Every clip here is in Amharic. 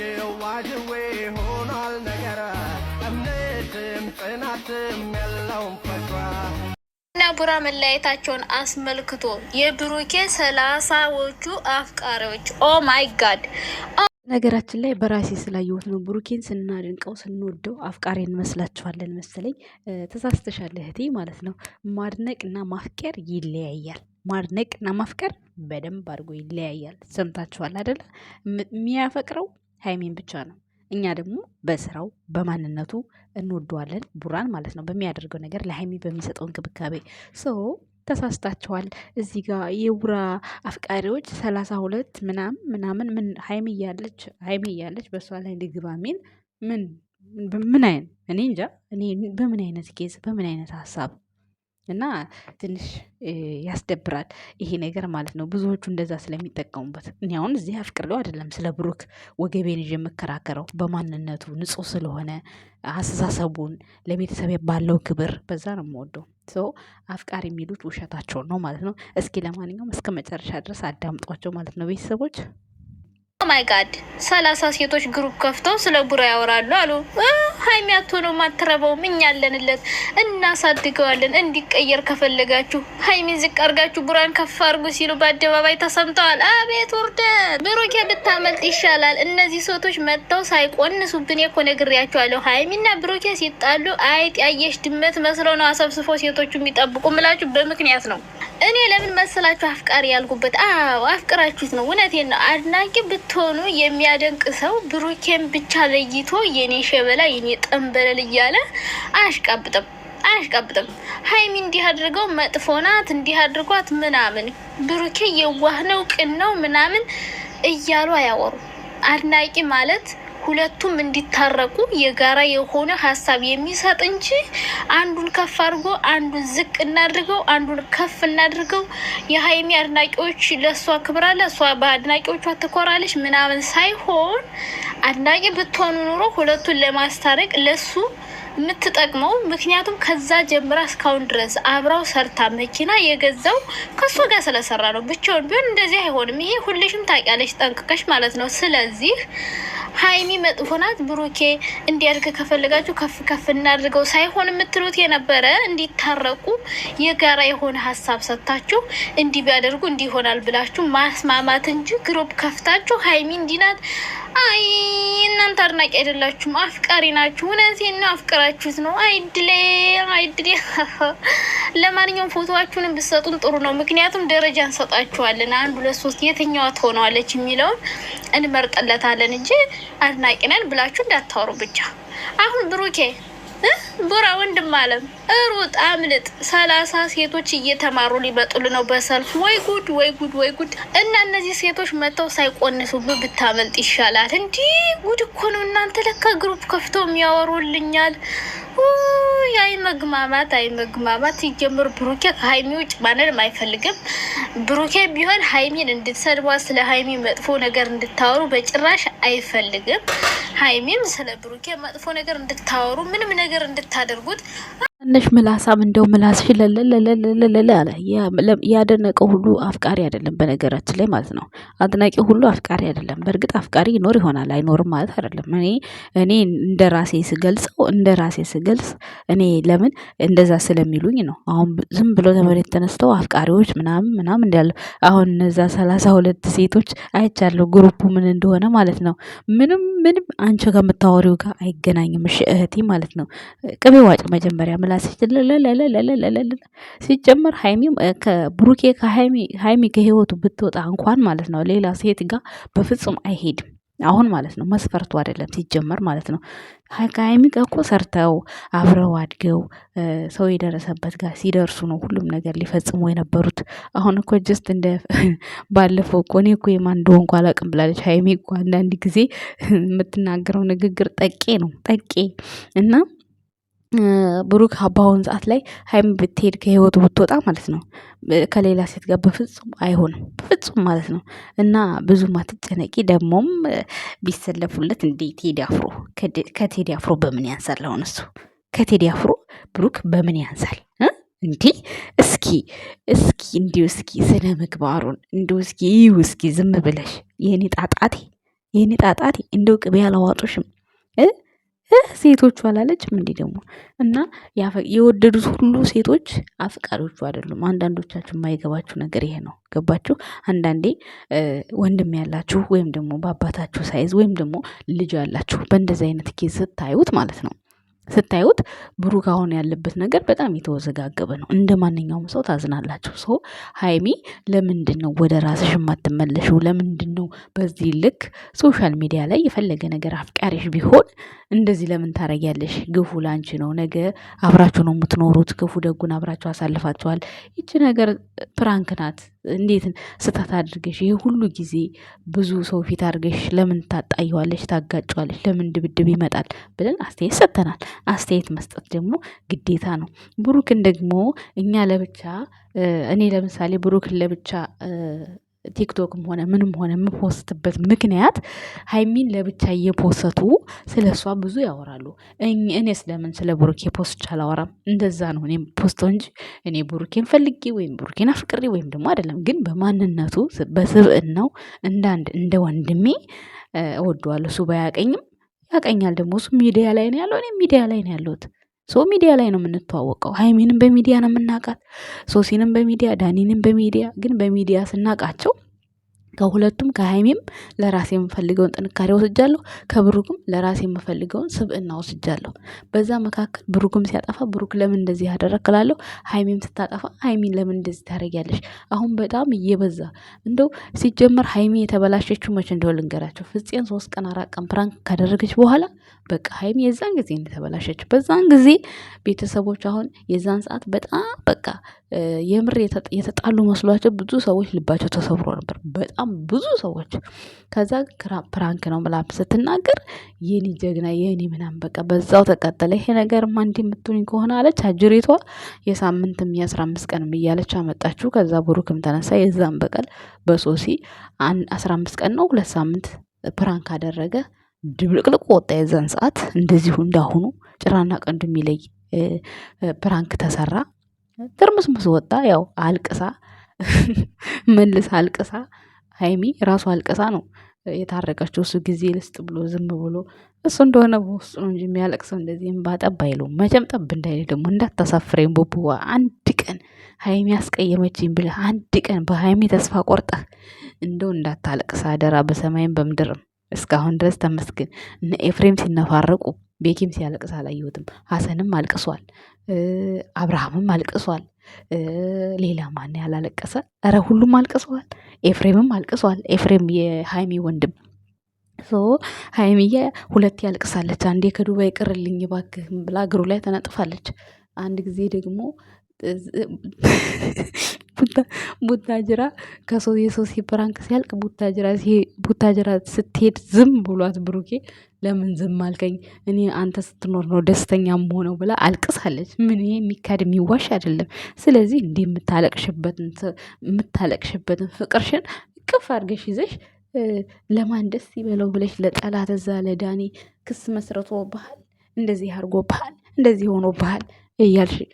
የዋዥዌ ሆኗል እምነትም ጽናትም ያለውን እና ቡራ መለያየታቸውን አስመልክቶ የብሩኬ ሰላሳዎቹ አፍቃሪዎች ኦ ማይ ጋድ ነገራችን ላይ በራሴ ስላየሁት ነው። ብሩኬን ስናድንቀው ስንወደው አፍቃሪ እንመስላችኋለን መሰለኝ። ተሳስተሻል እህቴ ማለት ነው። ማድነቅና ማፍቀር ይለያያል። ማድነቅና ማፍቀር በደንብ አድርጎ ይለያያል። ሰምታችኋል አደለ? የሚያፈቅረው ሀይሚን ብቻ ነው። እኛ ደግሞ በስራው በማንነቱ እንወደዋለን ቡራን ማለት ነው። በሚያደርገው ነገር ለሀይሚ በሚሰጠው እንክብካቤ ሰው ተሳስታቸዋል። እዚህ ጋር የቡራ አፍቃሪዎች ሰላሳ ሁለት ምናም ምናምን ምን ሀይሚ እያለች ሀይሚ እያለች በእሷ ላይ ልግባ ሚል ምን ምን አይነት እኔ እንጃ እኔ በምን አይነት ጌዝ በምን አይነት ሀሳብ እና ትንሽ ያስደብራል ይሄ ነገር ማለት ነው። ብዙዎቹ እንደዛ ስለሚጠቀሙበት እኔ አሁን እዚህ አፍቅሬው አይደለም ስለ ብሩክ ወገቤን ይዤ የምከራከረው በማንነቱ ንጹህ ስለሆነ አስተሳሰቡን ለቤተሰብ ባለው ክብር በዛ ነው የምወደው። ሶ አፍቃሪ የሚሉት ውሸታቸውን ነው ማለት ነው። እስኪ ለማንኛውም እስከ መጨረሻ ድረስ አዳምጧቸው ማለት ነው ቤተሰቦች ማይ oh ጋድ ሰላሳ ሴቶች ግሩፕ ከፍተው ስለ ቡራ ያወራሉ አሉ። ሀይሚ አትሆነውም፣ ማትረበው እኛ አለንለት፣ እናሳድገዋለን። እንዲቀየር ከፈለጋችሁ ሀይሚን ዝቅ አርጋችሁ ቡራን ከፍ አርጉ ሲሉ በአደባባይ ተሰምተዋል። አቤት ውርደት! ብሩኬ ብታመልጥ ይሻላል። እነዚህ ሴቶች መጥተው ሳይቆንሱብን እኮ ነግሬያቸዋለሁ። ሀይሚና ብሩኬ ሲጣሉ አይጥ ያየሽ ድመት መስለው ነው አሰብስፎ ሴቶቹ የሚጠብቁ ምላችሁ በምክንያት ነው። እኔ ለምን መሰላችሁ አፍቃሪ ያልኩበት? አዎ አፍቅራችሁት ነው። እውነቴን ነው። አድናቂ ብትሆኑ የሚያደንቅ ሰው ብሩኬን ብቻ ለይቶ የኔ ሸበላ የኔ ጠንበለል እያለ አያሽቃብጥም አያሽቃብጥም። ሀይሚ እንዲህ አድርገው መጥፎ ናት እንዲህ አድርጓት ምናምን፣ ብሩኬ የዋህ ነው ቅን ነው ምናምን እያሉ አያወሩም። አድናቂ ማለት ሁለቱም እንዲታረቁ የጋራ የሆነ ሀሳብ የሚሰጥ እንጂ አንዱን ከፍ አድርጎ አንዱን ዝቅ እናድርገው፣ አንዱን ከፍ እናድርገው፣ የሀይሚ አድናቂዎች ለእሷ ክብራ ለእሷ እሷ በአድናቂዎቿ ትኮራለች ምናምን ሳይሆን አድናቂ ብትሆኑ ኑሮ ሁለቱን ለማስታረቅ ለሱ የምትጠቅመው ምክንያቱም ከዛ ጀምራ እስካሁን ድረስ አብራው ሰርታ መኪና የገዛው ከእሷ ጋር ስለሰራ ነው። ብቻውን ቢሆን እንደዚህ አይሆንም። ይሄ ሁልሽም ታውቂያለሽ ጠንቅቀሽ ማለት ነው። ስለዚህ ሀይሚ መጥፎ ናት ብሩኬ እንዲያድግ ከፈልጋችሁ ከፍ ከፍ እናድርገው ሳይሆን የምትሉት የነበረ እንዲታረቁ የጋራ የሆነ ሀሳብ ሰጥታችሁ እንዲህ ቢያደርጉ እንዲህ ይሆናል ብላችሁ ማስማማት እንጂ ግሩፕ ከፍታችሁ ሀይሚ እንዲናት አይ እናንተ አድናቂ አይደላችሁም፣ አፍቃሪ ናችሁ። እውነቴን ነው፣ አፍቅራችሁት ነው። አይድሌ አይድሌ። ለማንኛውም ፎቶዋችሁንም ብትሰጡን ጥሩ ነው፣ ምክንያቱም ደረጃ እንሰጣችኋለን። አንድ ሁለት ሶስት የትኛዋ ትሆነዋለች የሚለውን እንመርጠለታለን እንጂ አድናቂ ነን ብላችሁ እንዳታወሩ ብቻ። አሁን ብሩኬ ቡራ ወንድም አለም ሩጥ አምልጥ። ሰላሳ ሴቶች እየተማሩ ሊመጡል ነው በሰልፍ። ወይ ጉድ፣ ወይ ጉድ፣ ወይ ጉድ! እና እነዚህ ሴቶች መጥተው ሳይቆንሱ ብታመልጥ ይሻላል። እንዲህ ጉድ እኮ ነው እናንተ። ለካ ግሩፕ ከፍተው የሚያወሩልኛል መግማማት አይ መግማማት ይጀምሩ። ብሩኬ ከሀይሚ ውጭ ማንንም አይፈልግም። ብሩኬ ቢሆን ሀይሚን እንድትሰድቧ ስለ ሀይሚ መጥፎ ነገር እንድታወሩ በጭራሽ አይፈልግም። ሀይሚም ስለ ብሩኬ መጥፎ ነገር እንድታወሩ ምንም ነገር እንድታደርጉት ትንሽ ምላሳም እንደው ምላስሽ ለለለለለለ አለ። ያደነቀው ሁሉ አፍቃሪ አይደለም፣ በነገራችን ላይ ማለት ነው። አድናቂ ሁሉ አፍቃሪ አይደለም። በእርግጥ አፍቃሪ ይኖር ይሆናል አይኖርም ማለት አይደለም። እኔ እኔ እንደ ራሴ ስገልጸው እንደ ራሴ ስገልጽ እኔ ለምን እንደዛ ስለሚሉኝ ነው። አሁን ዝም ብሎ ተመሬት ተነስተው አፍቃሪዎች ምናምን ምናምን እንዳለ አሁን እነዛ ሰላሳ ሁለት ሴቶች አይቻለሁ፣ ግሩፑ ምን እንደሆነ ማለት ነው። ምንም ምንም አንቺ ከምታወሪው ጋር አይገናኝም። እሺ እህቴ ማለት ነው። ቅቤ ዋጭ መጀመሪያ ምላ ራስሽ ሲጀመር ሀይሚ ከብሩኬ ከሀይሚ ሀይሚ ከህይወቱ ብትወጣ እንኳን ማለት ነው ሌላ ሴት ጋር በፍጹም አይሄድም። አሁን ማለት ነው መስፈርቱ አይደለም ሲጀመር ማለት ነው። ከሀይሚ ጋር እኮ ሰርተው አብረው አድገው ሰው የደረሰበት ጋር ሲደርሱ ነው ሁሉም ነገር ሊፈጽሙ የነበሩት። አሁን እኮ ጀስት እንደ ባለፈው እኮ እኔ እኮ የማን እንደሆንኩ አላውቅም ብላለች ሀይሚ እኮ አንዳንድ ጊዜ የምትናገረው ንግግር ጠቄ ነው ጠቄ እና ብሩክ በአሁን ሰዓት ላይ ሀይም ብትሄድ ከህይወቱ ብትወጣ ማለት ነው ከሌላ ሴት ጋር በፍጹም አይሆንም፣ በፍጹም ማለት ነው። እና ብዙም አትጨነቂ። ደግሞም ቢሰለፉለት እንዴ ቴዲ አፍሮ ከቴዲ አፍሮ በምን ያንሳል? አሁን እሱ ከቴዲ አፍሮ ብሩክ በምን ያንሳል? እንዲ እስኪ እስኪ እንዲሁ እስኪ ስነ ምግባሩን እንዲሁ እስኪ እስኪ ዝም ብለሽ የኔ ጣጣቴ የኔ ጣጣቴ እንደው ቅቤ ያላዋጡሽም ሴቶቹ አላለችም እንዴ ደግሞ እና የወደዱት ሁሉ ሴቶች አፍቃሪዎቹ አይደሉም። አንዳንዶቻችሁ የማይገባችሁ ነገር ይሄ ነው። ገባችሁ? አንዳንዴ ወንድም ያላችሁ ወይም ደግሞ በአባታችሁ ሳይዝ ወይም ደግሞ ልጅ ያላችሁ በእንደዚህ አይነት ኬዝ ስታዩት ማለት ነው ስታዩት ብሩክ አሁን ያለበት ነገር በጣም የተወዘጋገበ ነው። እንደ ማንኛውም ሰው ታዝናላችሁ። ሰው ሀይሚ ለምንድን ነው ወደ ራስሽ የማትመለሽው? ለምንድን ነው በዚህ ልክ ሶሻል ሚዲያ ላይ የፈለገ ነገር አፍቃሪሽ ቢሆን እንደዚህ ለምን ታረጊያለሽ? ግፉ ላንቺ ነው። ነገ አብራችሁ ነው የምትኖሩት። ክፉ ደጉን አብራችሁ አሳልፋችኋል። ይቺ ነገር ፕራንክ ናት። እንዴት ስህተት አድርገሽ ይህ ሁሉ ጊዜ ብዙ ሰው ፊት አድርገሽ ለምን ታጣየዋለሽ? ታጋጨዋለሽ? ለምን ድብድብ ይመጣል ብለን አስተያየት ሰጥተናል። አስተያየት መስጠት ደግሞ ግዴታ ነው። ብሩክን ደግሞ እኛ ለብቻ እኔ ለምሳሌ ብሩክን ለብቻ ቲክቶክም ሆነ ምንም ሆነ የምፖስትበት ምክንያት ሀይሚን ለብቻ እየፖሰቱ ስለ እሷ ብዙ ያወራሉ። እኔ ስለምን ስለ ብሩኬ ፖስት አላወራም? እንደዛ ነው እኔ ፖስተው እንጂ እኔ ብሩኬን ፈልጌ ወይም ብሩኬን አፍቅሬ ወይም ደግሞ አይደለም። ግን በማንነቱ በስብዕናው እንዳንድ እንደ ወንድሜ እወደዋለሁ። እሱ ባያቀኝም ያቀኛል ደግሞ እሱ ሚዲያ ላይ ነው ያለው፣ እኔ ሚዲያ ላይ ነው ያለሁት። ሶ ሚዲያ ላይ ነው የምንተዋወቀው። ሀይሚንም በሚዲያ ነው የምናውቃት ሶሲንም በሚዲያ ዳኒንም በሚዲያ ግን በሚዲያ ስናውቃቸው ከሁለቱም ከሀይሜም ለራሴ የምፈልገውን ጥንካሬ ወስጃለሁ። ከብሩክም ለራሴ የምፈልገውን ስብዕና ወስጃለሁ። በዛ መካከል ብሩክም ሲያጠፋ ብሩክ ለምን እንደዚህ ያደረክላለሁ፣ ሃይሜም ስታጠፋ ሃይሜን ለምን እንደዚህ ታደረጊያለሽ። አሁን በጣም እየበዛ እንደው ሲጀመር ሀይሜ የተበላሸችው መቼ እንደሆነ ልንገራቸው። ፍፄን ሶስት ቀን አራት ቀን ፕራንክ ካደረገች በኋላ በቃ ሀይሚ የዛን ጊዜ እንደተበላሸች በዛን ጊዜ ቤተሰቦች አሁን የዛን ሰዓት በጣም በቃ የምር የተጣሉ መስሏቸው ብዙ ሰዎች ልባቸው ተሰብሮ ነበር። በጣም ብዙ ሰዎች ከዛ ፕራንክ ነው ብላ ስትናገር የኔ ጀግና የኔ ምናም በቃ በዛው ተቀጠለ። ይሄ ነገርማ እንዲህ የምትሉኝ ከሆነ አለች አጅሬቷ። የሳምንትም የአስራ አምስት ቀን እያለች አመጣችሁ። ከዛ ብሩክም ተነሳ። የዛን በቀል በሶሲ አስራ አምስት ቀን ነው ሁለት ሳምንት ፕራንክ አደረገ። ድብልቅልቅ ወጣ። የዛን ሰዓት እንደዚሁ እንዳሁኑ ጭራና ቀንዱ የሚለይ ፕራንክ ተሰራ፣ ትርምስምስ ወጣ። ያው አልቅሳ መልስ አልቅሳ፣ ሀይሚ ራሱ አልቅሳ ነው የታረቀችው። እሱ ጊዜ ልስጥ ብሎ ዝም ብሎ እሱ እንደሆነ በውስጡ ነው እንጂ የሚያለቅሰው እንደዚህ እምባ ጠብ አይለውም። መቼም ጠብ እንዳይል ደግሞ እንዳታሳፍረኝ ቦቦዋ። አንድ ቀን ሀይሚ ያስቀየመችኝ ብለህ አንድ ቀን በሀይሚ ተስፋ ቆርጠህ እንደው እንዳታለቅስ አደራ፣ በሰማይም በምድርም እስካሁን ድረስ ተመስገን። እነ ኤፍሬም ሲነፋረቁ ቤኪም ሲያለቅስ አላየሁትም። ሀሰንም አልቅሷል፣ አብርሃምም አልቅሷል። ሌላ ማን ያላለቀሰ? እረ ሁሉም አልቅሰዋል። ኤፍሬምም አልቅሷል። ኤፍሬም የሀይሚ ወንድም ሶ ሀይሚዬ ሁለት ያልቅሳለች። አንዴ ከዱባይ ቅርልኝ ባክህ ብላ እግሩ ላይ ተነጥፋለች። አንድ ጊዜ ደግሞ ቡታጅራ ከሰው የሰው ፕራንክ ሲያልቅ ቡታጅራ ቡታጅራ ስትሄድ ዝም ብሏት ብሩኬ ለምን ዝም አልከኝ? እኔ አንተ ስትኖር ነው ደስተኛ መሆነው ብላ አልቅሳለች። ምን ይሄ የሚካድ የሚዋሽ አይደለም። ስለዚህ እንዲህ የምታለቅሽበትን የምታለቅሽበትን ፍቅርሽን ቅፍ አድርገሽ ይዘሽ ለማን ደስ ይበለው ብለሽ ለጠላት እዛ ለዳኔ ክስ መስረቶ ባህል እንደዚህ አድርጎ ባህል እንደዚህ ሆኖ ባህል እያልሽ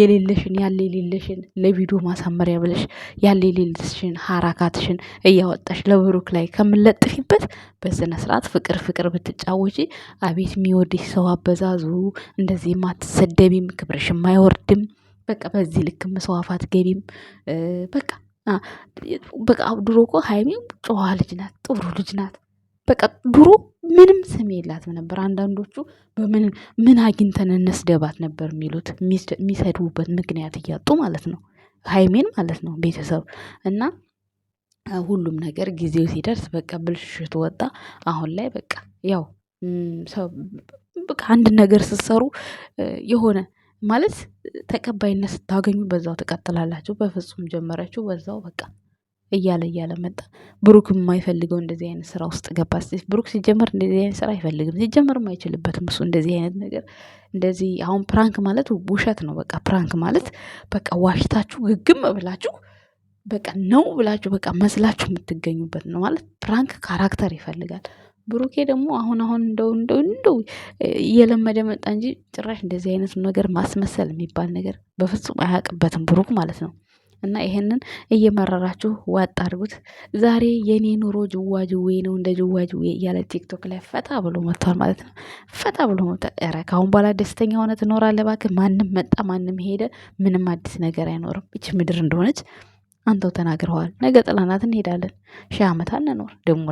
የሌለሽን ያለ የሌለሽን ለቪዲዮ ማሳመሪያ ብለሽ ያለ የሌለሽን ሀራካትሽን እያወጣሽ ለብሩክ ላይ ከምለጥፊበት በስነ ስርዓት ፍቅር ፍቅር ብትጫወጪ አቤት የሚወድሽ ሰው አበዛዙ። እንደዚህ ማትሰደቢም፣ ክብርሽም አይወርድም። በቃ በዚህ ልክ መስዋፋት ገቢም በቃ በቃ ድሮ እኮ ሀይሚ ጨዋ ልጅ ናት፣ ጥሩ ልጅ ናት። በቃ ድሮ ምንም ስም የላትም ነበር። አንዳንዶቹ በምን ምን አግኝተን እንስደባት ነበር የሚሉት የሚሰድቡበት ምክንያት እያጡ ማለት ነው። ሀይሜን ማለት ነው ቤተሰብ እና ሁሉም ነገር ጊዜው ሲደርስ በቃ ብልሽት ወጣ። አሁን ላይ በቃ ያው በቃ አንድ ነገር ስትሰሩ የሆነ ማለት ተቀባይነት ስታገኙ በዛው ትቀጥላላችሁ። በፍጹም ጀመረችው በዛው በቃ እያለ እያለ መጣ። ብሩክ የማይፈልገው እንደዚህ አይነት ስራ ውስጥ ገባ። ብሩክ ሲጀመር እንደዚህ አይነት ስራ አይፈልግም፣ ሲጀመርም አይችልበትም። እሱ እንደዚህ አይነት ነገር እንደዚህ አሁን ፕራንክ ማለት ውሸት ነው። በቃ ፕራንክ ማለት በቃ ዋሽታችሁ ግግም ብላችሁ በቃ ነው ብላችሁ በቃ መስላችሁ የምትገኙበት ነው ማለት ፕራንክ ካራክተር ይፈልጋል። ብሩኬ ደግሞ አሁን አሁን እንደው እንደው እንደው እየለመደ መጣ እንጂ ጭራሽ እንደዚህ አይነቱ ነገር ማስመሰል የሚባል ነገር በፍጹም አያውቅበትም ብሩክ ማለት ነው። እና ይሄንን እየመረራችሁ ዋጥ አድርጉት። ዛሬ የኔ ኑሮ ጅዋጅዌ ነው እንደ ጅዋጅዌ እያለ ቲክቶክ ላይ ፈታ ብሎ መጥቷል ማለት ነው። ፈታ ብሎ መጥቷል። ኧረ ካሁን በኋላ ደስተኛ ሆነ ትኖራለህ እባክህ። ማንም መጣ ማንም ሄደ ምንም አዲስ ነገር አይኖርም። ይች ምድር እንደሆነች አንተው ተናግረዋል። ነገ ጥላናት እንሄዳለን። ሺህ ዓመት አንኖር ደግሞ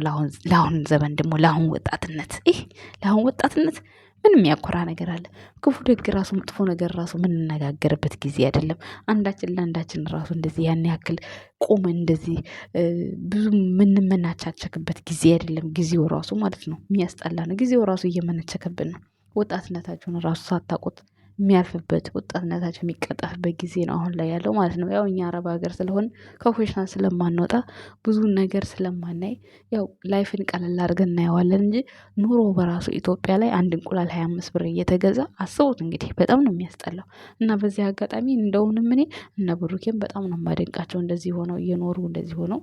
ለአሁን ዘመን ደግሞ ለአሁን ወጣትነት ይህ ለአሁን ወጣትነት ምን የሚያኮራ ነገር አለ? ክፉ ደግ ራሱ መጥፎ ነገር ራሱ የምንነጋገርበት ጊዜ አይደለም። አንዳችን ለአንዳችን ራሱ እንደዚህ ያን ያክል ቁም እንደዚህ ብዙ የምንመናቻቸክበት ጊዜ አይደለም። ጊዜው ራሱ ማለት ነው የሚያስጠላ ነው። ጊዜው ራሱ እየመነቸከብን ነው። ወጣትነታችሁን ራሱ ሳታውቁት የሚያልፍበት ወጣትነታቸው የሚቀጠፍበት ጊዜ ነው አሁን ላይ ያለው ማለት ነው። ያው እኛ አረብ ሀገር ስለሆን ከፕሮፌሽናል ስለማንወጣ ብዙ ነገር ስለማናይ ያው ላይፍን ቀለል አድርገን እናየዋለን እንጂ ኑሮ በራሱ ኢትዮጵያ ላይ አንድ እንቁላል ሀያ አምስት ብር እየተገዛ አስቡት እንግዲህ በጣም ነው የሚያስጠላው። እና በዚህ አጋጣሚ እንደውንም እኔ እነ ብሩኬም በጣም ነው የማደንቃቸው እንደዚህ ሆነው እየኖሩ እንደዚህ ሆነው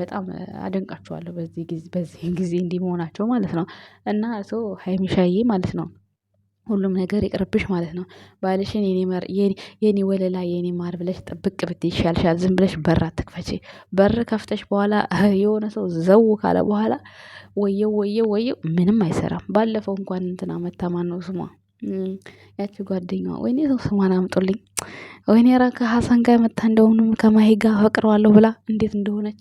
በጣም አደንቃቸዋለሁ በዚህ በዚህ ጊዜ እንዲህ መሆናቸው ማለት ነው። እና ሶ ሀይሚሻዬ ማለት ነው ሁሉም ነገር ይቅርብሽ ማለት ነው። ባልሽን የኔ ወለላ የኔ ማር ብለሽ ጥብቅ ብትይ ይሻልሻል። ዝም ብለሽ በር አትክፈች። በር ከፍተሽ በኋላ የሆነ ሰው ዘው ካለ በኋላ ወየው ወየው ወየው ምንም አይሰራም። ባለፈው እንኳን እንትና መታማ ነው ስሟ ያቺ ጓደኛዋ ወይኔ ሰው ስሟን አምጡልኝ። ወይኔ ራ ከሀሳን ጋር መታ እንደሆኑም ከማሂ ጋር ብላ እንዴት እንደሆነች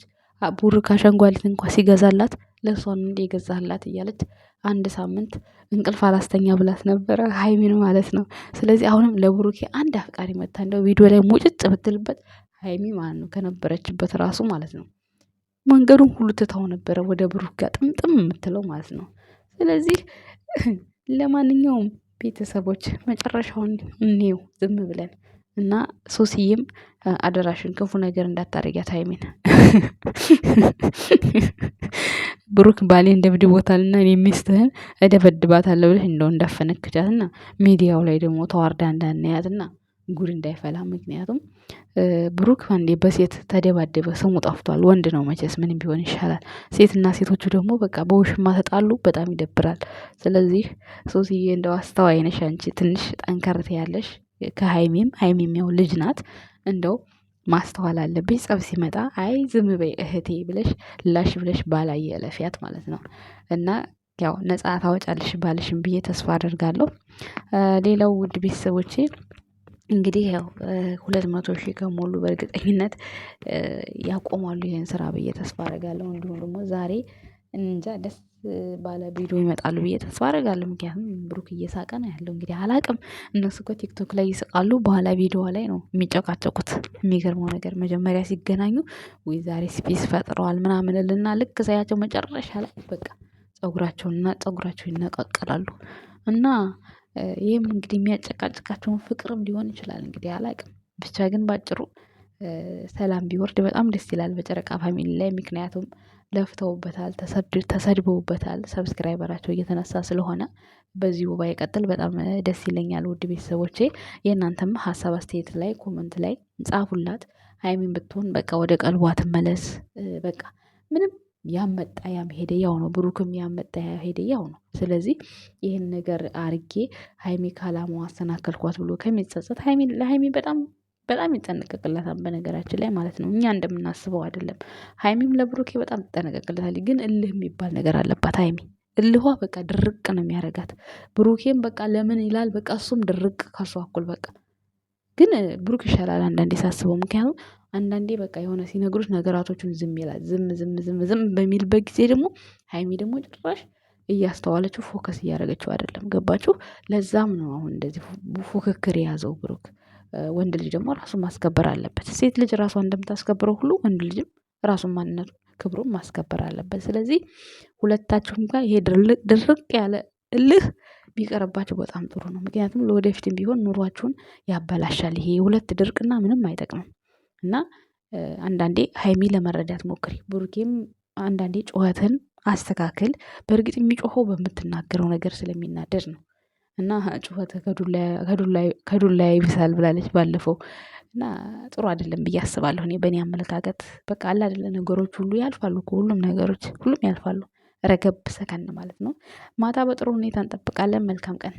ቡር ካሸንጓሊት እንኳ ሲገዛላት ልብሷን እንዴ የገዛህላት እያለች አንድ ሳምንት እንቅልፍ አላስተኛ ብላት ነበረ ሃይሚን ማለት ነው። ስለዚህ አሁንም ለብሩኬ አንድ አፍቃሪ መታ እንደው ቪዲዮ ላይ ሙጭጭ ብትልበት ሀይሚ ማለት ነው ከነበረችበት ራሱ ማለት ነው መንገዱን ሁሉ ትታው ነበረ ወደ ብሩክ ጋር ጥምጥም የምትለው ማለት ነው። ስለዚህ ለማንኛውም ቤተሰቦች መጨረሻውን እኔው ዝም ብለን እና ሶስዬም አደራሽን ክፉ ነገር እንዳታረጊያት ሀይሜን። ብሩክ ባሌን ደብድቦታልና እኔ ሚስትህን እደበድባታለሁ ብለሽ እንደው እንዳፈነክቻት እንዳፈነክቻትና ሚዲያው ላይ ደግሞ ተዋርዳ እንዳናያት እንዳናያትና ጉድ እንዳይፈላ። ምክንያቱም ብሩክ አንዴ በሴት ተደባደበ፣ ስሙ ጠፍቷል። ወንድ ነው መቼስ ምንም ቢሆን ይሻላል። ሴትና ሴቶቹ ደግሞ በቃ በውሽማ ተጣሉ፣ በጣም ይደብራል። ስለዚህ ሶስዬ እንደው አስተዋይ ነሽ አንቺ፣ ትንሽ ጠንከርት ያለሽ ከሀይሚም ሀይሚም ያው ልጅ ናት እንደው ማስተዋል አለብሽ። ጸብ ሲመጣ አይ ዝም በይ እህቴ ብለሽ ላሽ ብለሽ ባላየ ለፊያት ማለት ነው እና ያው ነጻ ታወጫለሽ ባልሽን ብዬ ተስፋ አደርጋለሁ። ሌላው ውድ ቤተሰቦቼ እንግዲህ ያው ሁለት መቶ ሺህ ከሞሉ በእርግጠኝነት ያቆማሉ ይህን ስራ ብዬ ተስፋ አደርጋለሁ። እንዲሁም ደግሞ ዛሬ እንጃ ደስ ባለ ቪዲዮ ይመጣሉ ብዬ ተስፋ አደርጋለሁ። ምክንያቱም ብሩክ እየሳቀ ነው ያለው እንግዲህ አላቅም እነሱ እኮ ቲክቶክ ላይ ይስቃሉ በኋላ ቪዲዮ ላይ ነው የሚጨቃጨቁት። የሚገርመው ነገር መጀመሪያ ሲገናኙ ወይ ዛሬ ስፔስ ፈጥረዋል ምናምን እልና ልክ ሳያቸው መጨረሻ ላይ በቃ ፀጉራቸውንና ጸጉራቸው ይነቃቀላሉ። እና ይህም እንግዲህ የሚያጨቃጭቃቸውን ፍቅርም ሊሆን ይችላል እንግዲህ አላቅም። ብቻ ግን በአጭሩ ሰላም ቢወርድ በጣም ደስ ይላል በጨረቃ ፋሚሊ ላይ ምክንያቱም ለፍተውበታል ተሰድበውበታል ሰብስክራይበራቸው እየተነሳ ስለሆነ በዚሁ ባይቀጥል በጣም ደስ ይለኛል። ውድ ቤተሰቦቼ የእናንተም ሀሳብ አስተያየት ላይ ኮመንት ላይ ጻፉላት። ሀይሚን ብትሆን በቃ ወደ ቀልቧ ትመለስ። በቃ ምንም ያመጣ ያም ሄደ ያው ነው። ብሩክም ያመጣ ያ ሄደ ያው ነው። ስለዚህ ይህን ነገር አርጌ ሀይሚ ካላማው አስተናከልኳት ብሎ ከሚጸጸት ለሀይሚ በጣም በጣም ይጠነቀቅላታል በነገራችን ላይ ማለት ነው። እኛ እንደምናስበው አይደለም። ሀይሚም ለብሩኬ በጣም ትጠነቀቅለታለች። ግን እልህ የሚባል ነገር አለባት ሀይሚ እልኋ በቃ ድርቅ ነው የሚያደርጋት። ብሩኬም በቃ ለምን ይላል በቃ እሱም ድርቅ ከሷ አኩል በቃ ግን ብሩክ ይሻላል አንዳንዴ ሳስበው። ምክንያቱም አንዳንዴ በቃ የሆነ ሲነግሩት ነገራቶቹን ዝም ይላል። ዝም ዝም ዝም ዝም በሚልበት ጊዜ ደግሞ ሀይሚ ደግሞ ጭራሽ እያስተዋለችው ፎከስ እያደረገችው አይደለም። ገባችሁ? ለዛም ነው አሁን እንደዚህ ፉክክር የያዘው ብሩክ ወንድ ልጅ ደግሞ ራሱን ማስከበር አለበት። ሴት ልጅ ራሷን እንደምታስከብረው ሁሉ ወንድ ልጅም ራሱን ማንነቱ ክብሩን ማስከበር አለበት። ስለዚህ ሁለታችሁም ጋር ይሄ ድርቅ ያለ እልህ ቢቀርባችሁ በጣም ጥሩ ነው። ምክንያቱም ለወደፊትም ቢሆን ኑሯችሁን ያበላሻል። ይሄ ሁለት ድርቅና ምንም አይጠቅምም። እና አንዳንዴ ሀይሚ ለመረዳት ሞክሪ፣ ብሩኬም አንዳንዴ ጩኸትን አስተካክል። በእርግጥ የሚጮኸው በምትናገረው ነገር ስለሚናደድ ነው። እና ጩኸት ከዱላ ከዱላ ይብሳል ብላለች ባለፈው እና ጥሩ አይደለም ብዬ አስባለሁ። እኔ በእኔ አመለካከት በቃ አለ አይደለ ነገሮች ሁሉ ያልፋሉ እኮ ሁሉም ነገሮች ሁሉም ያልፋሉ ረገብ ሰከን ማለት ነው። ማታ በጥሩ ሁኔታ እንጠብቃለን መልካም ቀን